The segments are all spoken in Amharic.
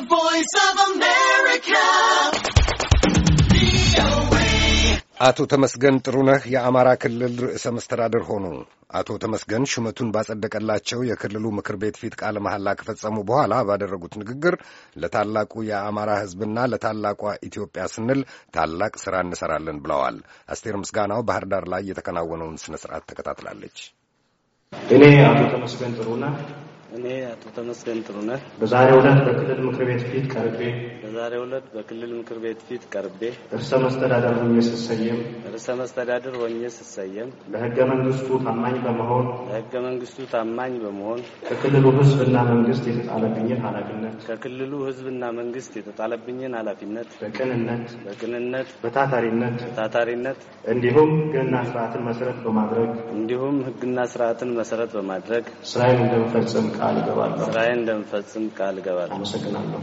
The Voice of አቶ ተመስገን ጥሩነህ የአማራ ክልል ርዕሰ መስተዳድር ሆኑ። አቶ ተመስገን ሹመቱን ባጸደቀላቸው የክልሉ ምክር ቤት ፊት ቃለ መሐላ ከፈጸሙ በኋላ ባደረጉት ንግግር ለታላቁ የአማራ ሕዝብና ለታላቋ ኢትዮጵያ ስንል ታላቅ ሥራ እንሰራለን ብለዋል። አስቴር ምስጋናው ባህር ዳር ላይ የተከናወነውን ሥነ ሥርዓት ተከታትላለች። እኔ አቶ ተመስገን ጥሩነህ እኔ አቶ ተመስገን ጥሩነህ በዛሬው ዕለት በክልል ምክር ቤት ፊት ቀርቤ በዛሬው ዕለት በክልል ምክር ቤት ፊት ቀርቤ እርሰ መስተዳደሩ የሚያስሰየም ርዕሰ መስተዳድር ሆኜ ስሰየም ለህገ መንግስቱ ታማኝ በመሆን ለህገ መንግስቱ ታማኝ በመሆን ከክልሉ ህዝብና መንግስት የተጣለብኝን ኃላፊነት ከክልሉ ህዝብና መንግስት የተጣለብኝን ኃላፊነት በቅንነት በቅንነት በታታሪነት በታታሪነት እንዲሁም ህግና ስርዓትን መሰረት በማድረግ እንዲሁም ህግና ስርዓትን መሰረት በማድረግ ስራዬን እንደምፈጽም ቃል እገባለሁ ስራዬን እንደምፈጽም ቃል እገባለሁ። አመሰግናለሁ።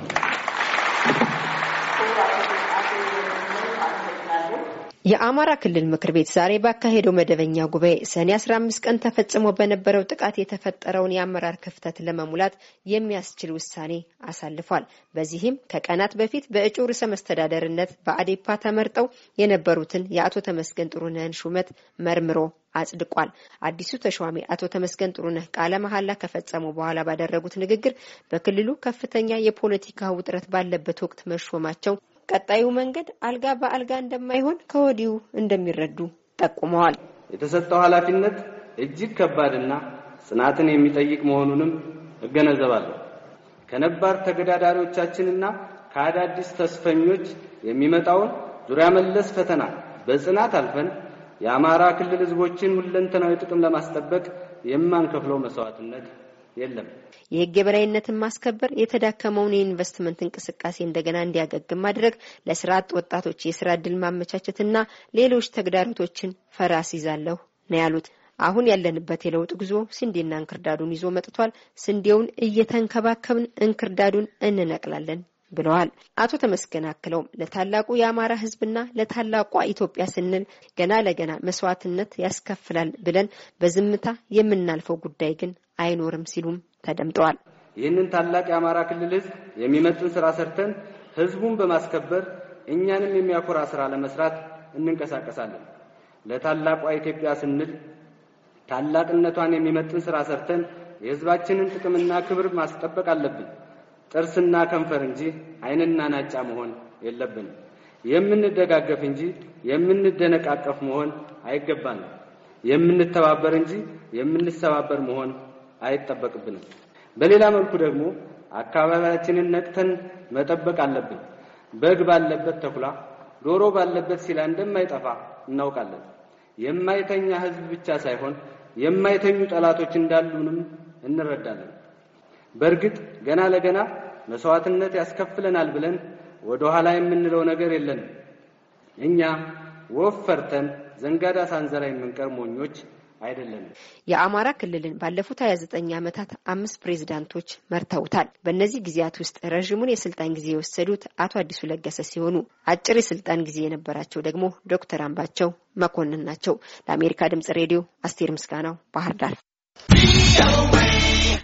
የአማራ ክልል ምክር ቤት ዛሬ ባካሄደው መደበኛ ጉባኤ ሰኔ 15 ቀን ተፈጽሞ በነበረው ጥቃት የተፈጠረውን የአመራር ክፍተት ለመሙላት የሚያስችል ውሳኔ አሳልፏል። በዚህም ከቀናት በፊት በእጩ ርዕሰ መስተዳደርነት በአዴፓ ተመርጠው የነበሩትን የአቶ ተመስገን ጥሩነህን ሹመት መርምሮ አጽድቋል። አዲሱ ተሿሚ አቶ ተመስገን ጥሩነህ ቃለ መሐላ ከፈጸሙ በኋላ ባደረጉት ንግግር በክልሉ ከፍተኛ የፖለቲካ ውጥረት ባለበት ወቅት መሾማቸው ቀጣዩ መንገድ አልጋ በአልጋ እንደማይሆን ከወዲሁ እንደሚረዱ ጠቁመዋል። የተሰጠው ኃላፊነት እጅግ ከባድና ጽናትን የሚጠይቅ መሆኑንም እገነዘባለሁ። ከነባር ተገዳዳሪዎቻችንና ከአዳዲስ ተስፈኞች የሚመጣውን ዙሪያ መለስ ፈተና በጽናት አልፈን የአማራ ክልል ሕዝቦችን ሁለንተናዊ ጥቅም ለማስጠበቅ የማንከፍለው መስዋዕትነት የለም። የህግ የበላይነትን ማስከበር፣ የተዳከመውን የኢንቨስትመንት እንቅስቃሴ እንደገና እንዲያገግም ማድረግ፣ ለስራ አጥ ወጣቶች የስራ እድል ማመቻቸትና ሌሎች ተግዳሮቶችን ፈራስ ይዛለሁ ነው ያሉት። አሁን ያለንበት የለውጥ ጉዞ ስንዴና እንክርዳዱን ይዞ መጥቷል። ስንዴውን እየተንከባከብን እንክርዳዱን እንነቅላለን ብለዋል። አቶ ተመስገን አክለውም ለታላቁ የአማራ ህዝብና ለታላቋ ኢትዮጵያ ስንል ገና ለገና መስዋዕትነት ያስከፍላል ብለን በዝምታ የምናልፈው ጉዳይ ግን አይኖርም ሲሉም ተደምጠዋል። ይህንን ታላቅ የአማራ ክልል ህዝብ የሚመጥን ስራ ሰርተን ህዝቡን በማስከበር እኛንም የሚያኮራ ስራ ለመስራት እንንቀሳቀሳለን። ለታላቋ ኢትዮጵያ ስንል ታላቅነቷን የሚመጥን ስራ ሰርተን የህዝባችንን ጥቅምና ክብር ማስጠበቅ አለብን። ጥርስና ከንፈር እንጂ አይንና ናጫ መሆን የለብንም። የምንደጋገፍ እንጂ የምንደነቃቀፍ መሆን አይገባንም። የምንተባበር እንጂ የምንሰባበር መሆን አይጠበቅብንም። በሌላ መልኩ ደግሞ አካባቢያችንን ነቅተን መጠበቅ አለብን። በግ ባለበት ተኩላ፣ ዶሮ ባለበት ሲላ እንደማይጠፋ እናውቃለን። የማይተኛ ህዝብ ብቻ ሳይሆን የማይተኙ ጠላቶች እንዳሉንም እንረዳለን። በእርግጥ ገና ለገና መስዋዕትነት ያስከፍለናል ብለን ወደ ኋላ የምንለው ነገር የለንም። እኛ ወፈርተን ዘንጋዳ ሳንዘራ የምንቀር ሞኞች አይደለም። የአማራ ክልልን ባለፉት ሀያ ዘጠኝ ዓመታት አምስት ፕሬዚዳንቶች መርተውታል። በእነዚህ ጊዜያት ውስጥ ረዥሙን የስልጣን ጊዜ የወሰዱት አቶ አዲሱ ለገሰ ሲሆኑ አጭር የስልጣን ጊዜ የነበራቸው ደግሞ ዶክተር አምባቸው መኮንን ናቸው። ለአሜሪካ ድምጽ ሬዲዮ አስቴር ምስጋናው ባህር ዳር